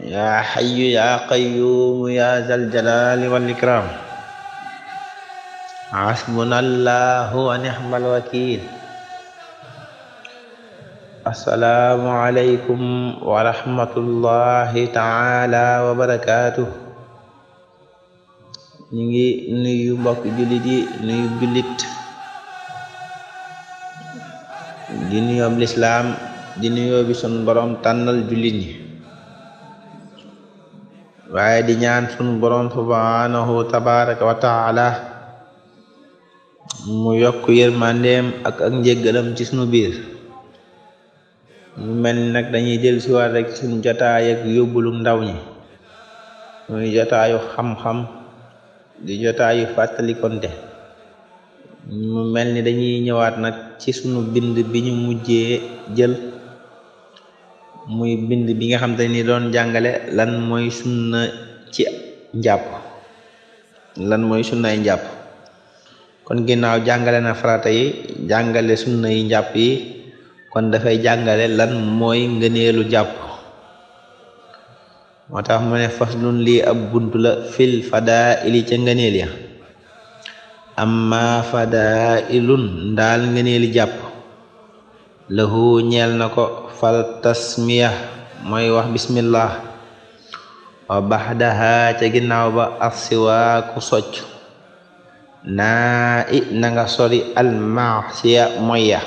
yaa xayu yaa qayuumu yaa zaljalaali wal ikram xasbunallahu wa nixmal wakiil assalaamu aleykum wa rahmatullahi taala wa barakaatuh ñu ngi nuyu mbokk jullit yi nuyu jullit di nuyoob lislaam di nuyoobi sun borom tànnal jullit ñi waaye di ñaan sunu borom subhanahu tabaraka wa taala mu yokk yërmandeem ak ak njéggalam ci sunu biir mu mel nag dañuy del siwaat rek sunu jotaay ak yóbbulum ndaw ñi muy jotaayu xam-xam di jotaayu fàttalikonte mu mel ni dañuy ñëwaat nag ci sunu bind bi ñu mujjee jël muy bind bi nga xam te ni doon jàngale lan mooy sunna ci njàpp lan mooy sunnaay njàpp kon ginnaaw jàngale na farata yi jàngale sunna yi njàpp yi kon dafay jàngale lan mooy ngëneelu jàpp moo tax mu ne faslun lii ab bunt la fil fadaa ili ca ngëneel ya amma fadaa ilun ndaal ngëneeli jàpp lahu ñeel na ko fal mooy wax bismillah wa baxdaha ca ginnaaw ba asiwaaku socc naa i na nga sori almaasiya moyya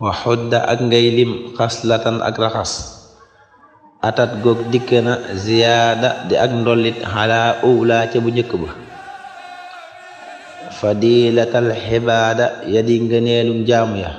wa xudda ak ngay xaslatan ak raxas atat goog dikk ziyaada di ak ndollit xalaa uwla ca bu njëkk ba fadilatal xibaada yadi ngëneelum jaamu ya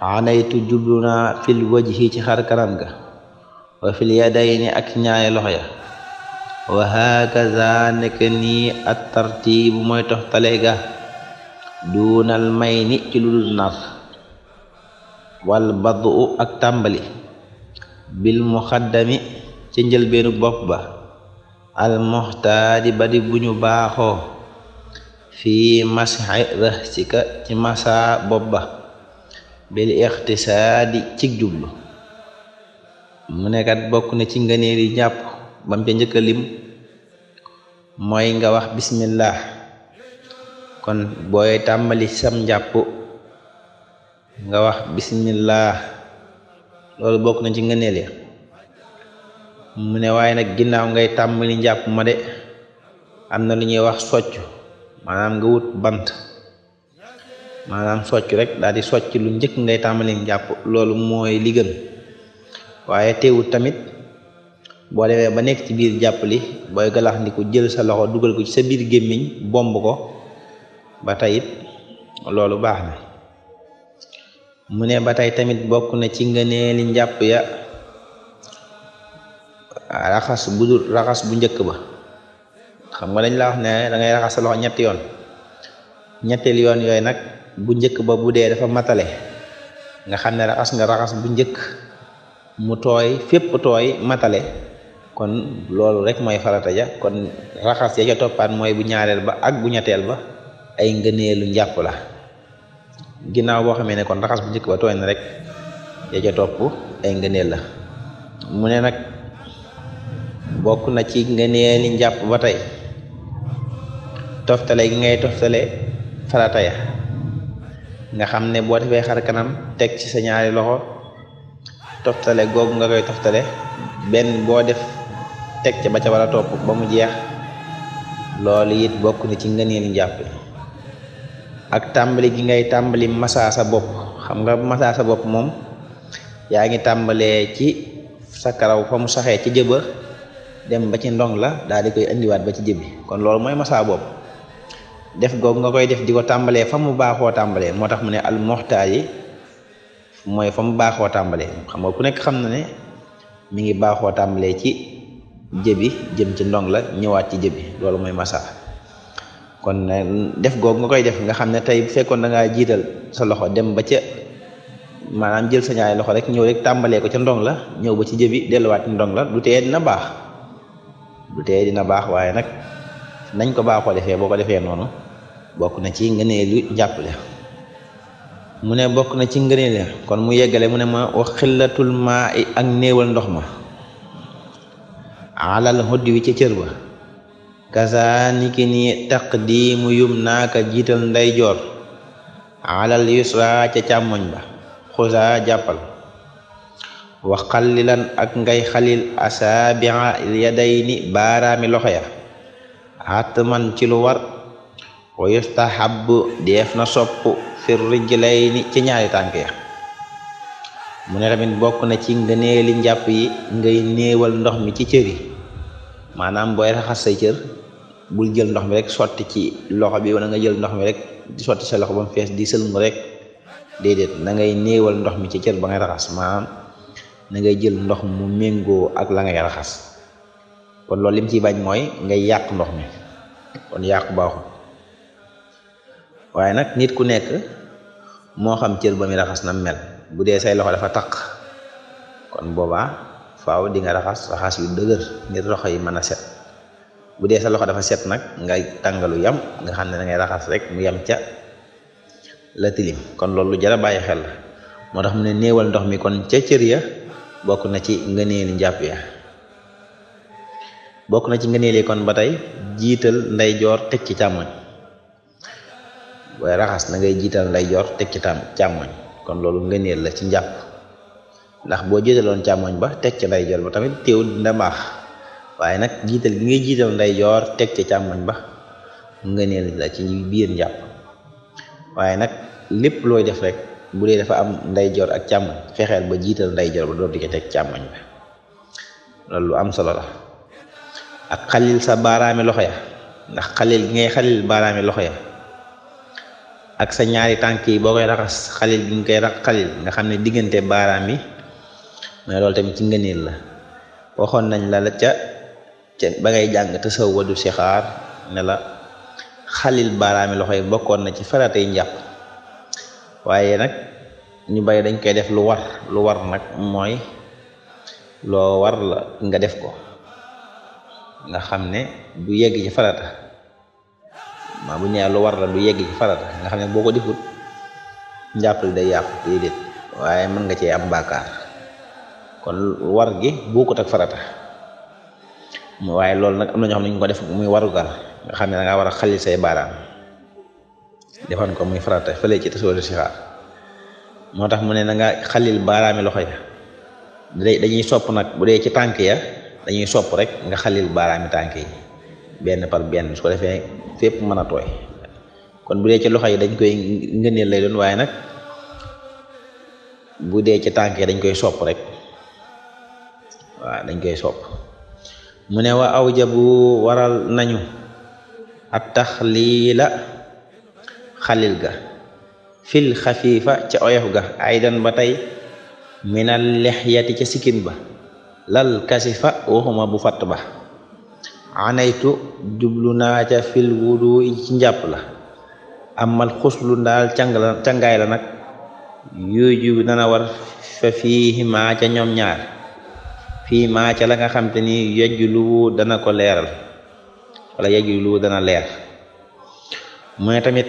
xanaytu jublu naa fil wajhi ci xar kanam ga wa fil yadayni ak ñaari loxo ya wa hakaza nekk nii at tartiibu mooy tale ga duunal may ni ci ludul nar wal badu ak tàmbali bil muxaddami ci njëlbeenu bopp ba al muxtaadi badi bu ñu baaxoo fii masxi rahsika ci masa bopp ba bil ixtisaadi cig jublu mu nekkat bokk na ci ngëneel yi jàpp bam ca njëkk a lim mooy nga wax bismillah kon booy tàmbali sam njàpp nga wax bismillah loolu bokk na ci ngëneel ya mu ne waaye nag ginnaaw ngay tàmbali njàpp de am na lu ñuy wax soccu maanaam nga wut bant maanaam socc rek daal di socc lu njëkk ngay tàmbali jàpp loolu mooy li waaye teewut tamit boo demee ba nekk ci biir jàpp li booy galax jël sa loxo dugal ko ci sa biir gémmiñ bomb ko ba teyit loolu baax na mu ne ba tey tamit bokk na ci ngëneeli njàpp ya raxas bu dul raxas bu njëkk ba xam nga dañ la wax ne da raxas sa loxo ñetti yoon ñetteel yoon yooyu nag bu njëkk ba bu dee dafa matale nga xam ne raxas nga raxas bu njëkk mu tooy fépp tooy matale kon loolu rek mooy farata ja kon raxas ya ca toppaat mooy bu ñaareel ba ak bu ñetteel ba ay ngëneelu njàpp la ginnaaw boo xamee ne kon raxas bu na rek ya ca topp ay ngëneel la mu ne nag bokk na ci ngëneeli njàpp ba tey toftale gi ngay toftale farata ya nga xam ne boo defee xar kanam teg ci sa ñaari loxo toftale googu nga koy toftale benn boo def teg ca ba ca war a topp ba mu jeex loolu it bokk na ci ngëneelu njàpp ak tàmbali gi ngay tàmbali masaa sa bopp xam nga masaa sa bopp moom yaa ngi tàmbalee ci sa karaw fa mu saxee ci jëba dem ba ci ndong la daal di koy indiwaat ba ci jëbi kon loolu mooy masaa bopp def googu nga koy def di ko tàmbalee fa mu baaxoo tàmbalee moo tax mu ne al muxtaaji mooy fa mu baaxoo tàmbalee xam nga ku nekk xam na ne mi ngi baaxoo tàmbalee ci jëbi jëm ci ndong la ñëwaat ci jëbi loolu mooy masa kon def googu nga koy def nga xam ne tey bu fekkoon da ngaa jiital sa loxo dem ba ca maanaam jël sa ñaari loxo rek ñëw rek tàmbalee ko ca ndong la ñëw ba ci jëbi delluwaat ci ndong la du tee dina baax du tee dina baax waaye nag nañ ko baaxoo defee boo ko defee noonu bokk na ci ngëneelu jàppale mu ne bokk na ci ngëneelu kon mu yeggale mu ne ma wa xillatul maa i ak néewal ndox ma alal xodd wi ca cër ba kasa niki ni taqdiimu yum naaka jiital ndeyjoor alal yusra ca càmmoñ ba xusa jàppal wa xalilan ak ngay xalil asaabi'a yaday ni baaraami loxo ya xatman ci lu war wa yustahab def na sopp fir rijlayni ci ñaari tànk ya mu ne tamit bokk na ci ngëneeli njàpp yi ngay néewal ndox mi ci cër yi maanaam booy raxas say cër bul jël ndox mi rek sotti ci loxo bi wala nga jël ndox mi rek di sotti sa loxo ba fees di sëlmu rek déedéet na ngay néewal ndox mi ci cër ba ngay raxas maanaam na ngay jël ndox mu méngoo ak la ngay raxas kon loolu lim ciy bañ mooy ngay yàq ndox mi kon yàq baaxul waaye nag nit ku nekk moo xam cër ba muy raxas na mel bu dee say loxo dafa taq kon boobaa faw di nga raxas raxas yu dëgër ngir loxo yi mën a set bu dee sa loxo dafa set nag nga tàngalu yam nga xam ne da ngay raxas rek mu yam ca la tilim kon loolu lu a bàyyi xel la moo tax mu ne néewal ndox mi kon ca cër ya bokk na ci ngëneeli njàpp ya bokk na ci ngëneel yi kon ba tey jiital ndeyjoor teg ci càmmoñ booy raxas na ngay jiital ndeyjoor teg ci tam càmmoñ kon loolu ngëneel la ci njàpp ndax boo jiitaloon càmmoñ ba teg ci ndeyjoor ba tamit teewul ndamaax waaye nag jiital gi ngay jiital ndeyjoor teg ci càmmoñ ba ngëneel la ci biir njàpp waaye nag lépp looy def rek bu dee dafa am ndeyjoor ak càmmoñ fexeel ba jiital nday joor ba doo di ko teg càmmoñ ba loolu lu am solo la ak xalil sa baaraami loxo ya ndax xalil gi ngay xalil baaraami loxo ya ak sa ñaari tànk yi boo koy raxas xalil gi nga koy rax nga xam ne diggante baaraam yi mais loolu tamit ci ngëneel la waxoon nañ la la ca ca ba ngay jàng te saw wadu ne la xalil baaraami loxo yi bokkoon na ci faratay njàpp waaye nag ñu bari dañ koy def lu war war nag mooy loo war la nga def ko nga xam ne du yegg ci farata maa bu ñëwee lu war la du yegg ci farata nga xam ne boo ko defut njàppal day yàqu déedéet waaye mën nga cee am bàkkaar kon war gi ko ak farata waaye loolu nag am na ñoo xam ne ñu ko def muy warugar nga xam ne da ngaa war a xalil say baaraam defan ko muy farata fële ci tasawul sixaar moo tax mu ne na nga xalil baaraami loxo ya dañuy sopp nag bu dee ci tànk ya dañuy sopp rek nga xalil baaraami tànk yi benn par benn su ko defee fépp mën a tooy kon bu dee ci loxo yi dañ koy ngëneel lay doon waaye nag bu dee ci tànk yi dañ koy sopp rek waaw dañ koy sopp mu ne wa aw jabu waral nañu at taxliila xalil ga fil xafiifa ca oyof ga aydan ba tey mu minal lexyati ca sikin ba lal kasifa waxuma bu fatt ba anaytu jublu naa ca fil wudu ci njàpp la amal xuslu ndaal càng la nag yuju dana war fa fii maa ñoom ñaar fii maaca langa la xam te ni yejju luwu dana ko leeral wala yejju dana leer mu tamit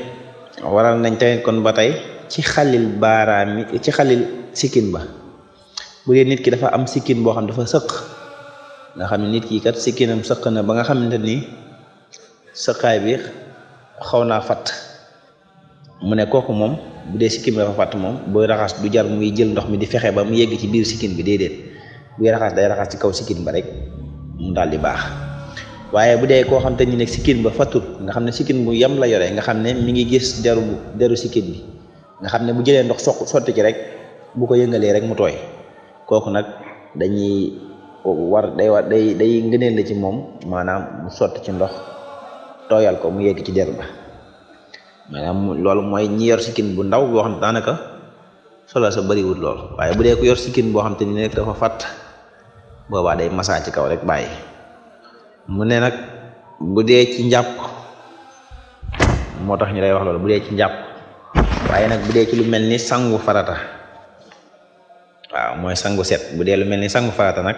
waral nañ tamit kon ba tey ci xalil baaraam mi ci xalil sikkin ba bu dee nit ki dafa am sikkin boo xam dafa sëq xam ne nit kii kat sikkinam sëq na ba nga xamante ni sëqaay xaw naa fatt mu ne kooku moom bu dee sikkin bi moom booy raxas du jar muy jël ndox mi di fexe ba mu yegg ci biir sikkin bi déedéet buy raxas day raxas ci kaw sikkin ba rek mu daal di baax waaye bu dee koo xam te ni nag sikkin ba fattul nga xam ne sikkin bu yam la yore nga xam ne mi ngi gis deru deru sikkin bi nga xam ne bu jëlee ndox soq sotti ci rek bu ko yëngalee rek mu tooy kooku nag dañuy war day war day day ngëneel la ci moom maanaam mu sotti ci ndox tooyal ko mu yegg ci der ba maanaam loolu mooy ñi yor sikkin bu ndaw boo xam ne daanaka solo sa bariwul lool waaye bu dee ko yor sikkin boo xam te ni nekk dafa fàtt boobaa day masaa ci kaw rek baay mu ne nag bu dee ci njàpp moo tax ñu lay wax loolu bu dee ci njàpp waaye nag bu dee ci lu mel ni sangu farata waaw mooy sangu set bu dee lu mel ni sangu farata nag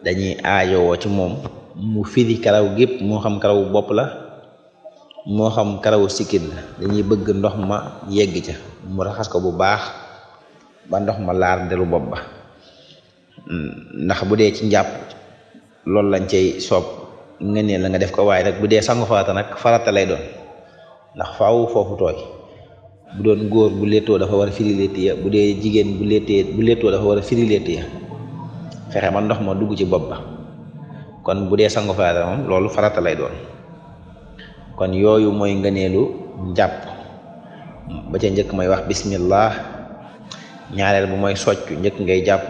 dañuy aayowoo ci moom mu firi karaw gépp moo xam karawu bopp la moo xam karawu sikkin la dañuy bëgg ndox ma yegg ca mu raxas ko bu baax ba ndox ma laar deru bopp ba hmm, ndax bu dee ci njàpp loolu lañ cay soob nga ne la nga def ko waaye rek bu dee sangu farata nag farata lay doon ndax faaw foofu tooy bu doon góor bu léttoo dafa war a firi ya bu dee jigéen bu léttee bu léttoo dafa war a firi létt ya fexe man ndox ma dugg ci bopp ba kon bu dee sangu farata moom loolu farata lay doon kon yooyu mooy ngëneelu njàpp ba ca njëkk mooy wax bismillah ñaareel ba mooy soccu njëkk ngay jàpp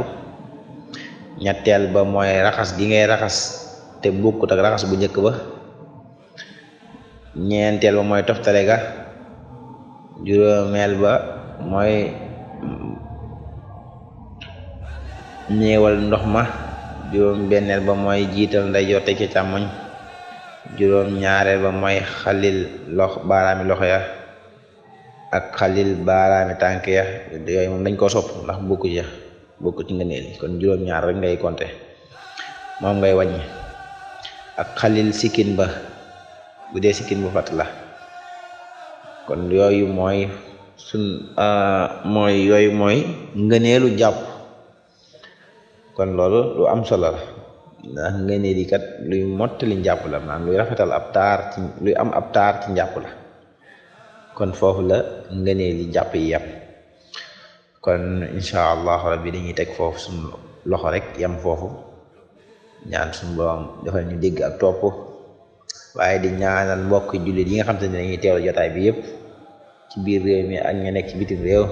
ñetteel ba mooy raxas gi ngay raxas te bokkut ak raxas bu njëkk ba ñeenteel ba mooy toftale ga juróomeel ba mooy néewal ndox ma juróom benneel ba mooy jiital ndeyjoor teg ci càmmoñ juróom ñaareel ba mooy xalil lox baaraami loxo ya ak xalil baaraami tànk ya yooyu moom ndax bokku ci bokku ci nga neel ngay konte ak xalil sikkin ba bu dee sikkin bu fatt la kon yooyu mooy sun mooy yooyu mooy ngëneelu jàpp kon loolu lu am solo la ndax ngëneel yi kat luy mottali njàpp la maanaam luy rafetal ab luy am ab taar ci njàpp la kon foofu la ngëneel jàpp yi yem kon incha allahu rabbi dañuy teg foofu suñu loxo rek yem foofu ñaan suñu borom defal ñu dégg ak topp waaye di ñaanal mbokk jullit yi nga xam te ne dañuy teewlu jotaay bi yëpp ci biir réew mi ak ña nekk ci bitim réew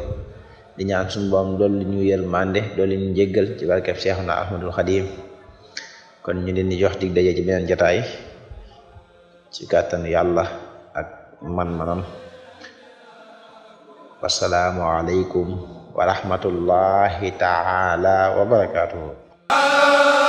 di ñaan suñu boom ñu ñu yërmande dolli ñu jéggal ci barkeb na Ahmadul Xadim kon ñu leen di jox dig daje ci beneen jotaay ci kàttanu yàlla ak man-manam wasalaamu aleykum wa taala wa barakaatuhu